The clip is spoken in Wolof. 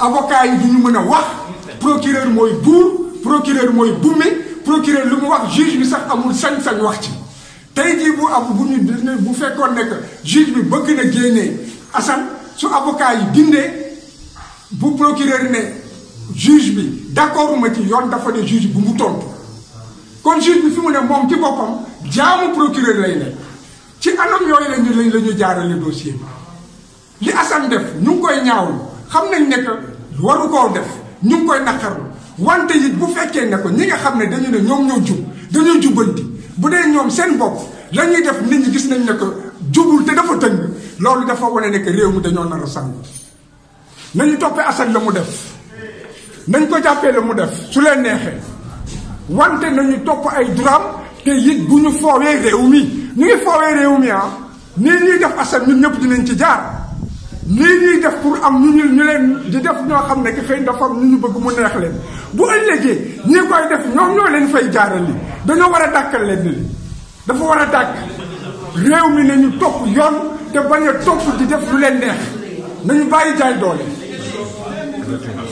avocat yi ñu mëna wax procureur moy bour procureur moy boumé procureur lu mu wax juge bi sax amul sañ-sañ wax ci tay ji bu am bu ñu bu fekkoon nek juge bi bëgg na gëné Assane su avocat yi dindé bu procureur né juge bi d'accord ma ci yoon dafa né juge bu mu tont kon juge bi fi mu né mom ci boppam jaamu procureur lay né ci anam yoy lañu lañ la ñu dossier li Assane def ñu koy ñaawlu xam nañ ne waru koo def ñu ngi koy naqarlu wante it bu fekkee ne ko ñi nga xam ne dañu ne ñoom ñoo jub dañoo jubbanti bu dee ñoom seen bokk la def nit ñi gis nañ ne ko jubul te dafa tëng loolu dafa wane nekk réew mi dañoo nar a sàng nañu toppee Assane la mu def nañ ko jàppee la mu def su leen neexee wante nañu topp ay drame te it bu ñu foowee réew mi ñu ngi foowee réew mi ah nii ñuy def Assane ñun ñëpp dinañ ci jaar lii ñuy def pour am ñu ñu ñu leen di def ñoo xam ne ki xëy dafa am ñu ñu bëgg mu neex leen bu ëllëgee ñi koy def ñoom ñoo leen fay jaaral li dañoo war a dàkkal leen li dafa war a dàkk réew mi nañu topp yoon te bañ a topp di def lu leen neex nañu bàyyi jaay doole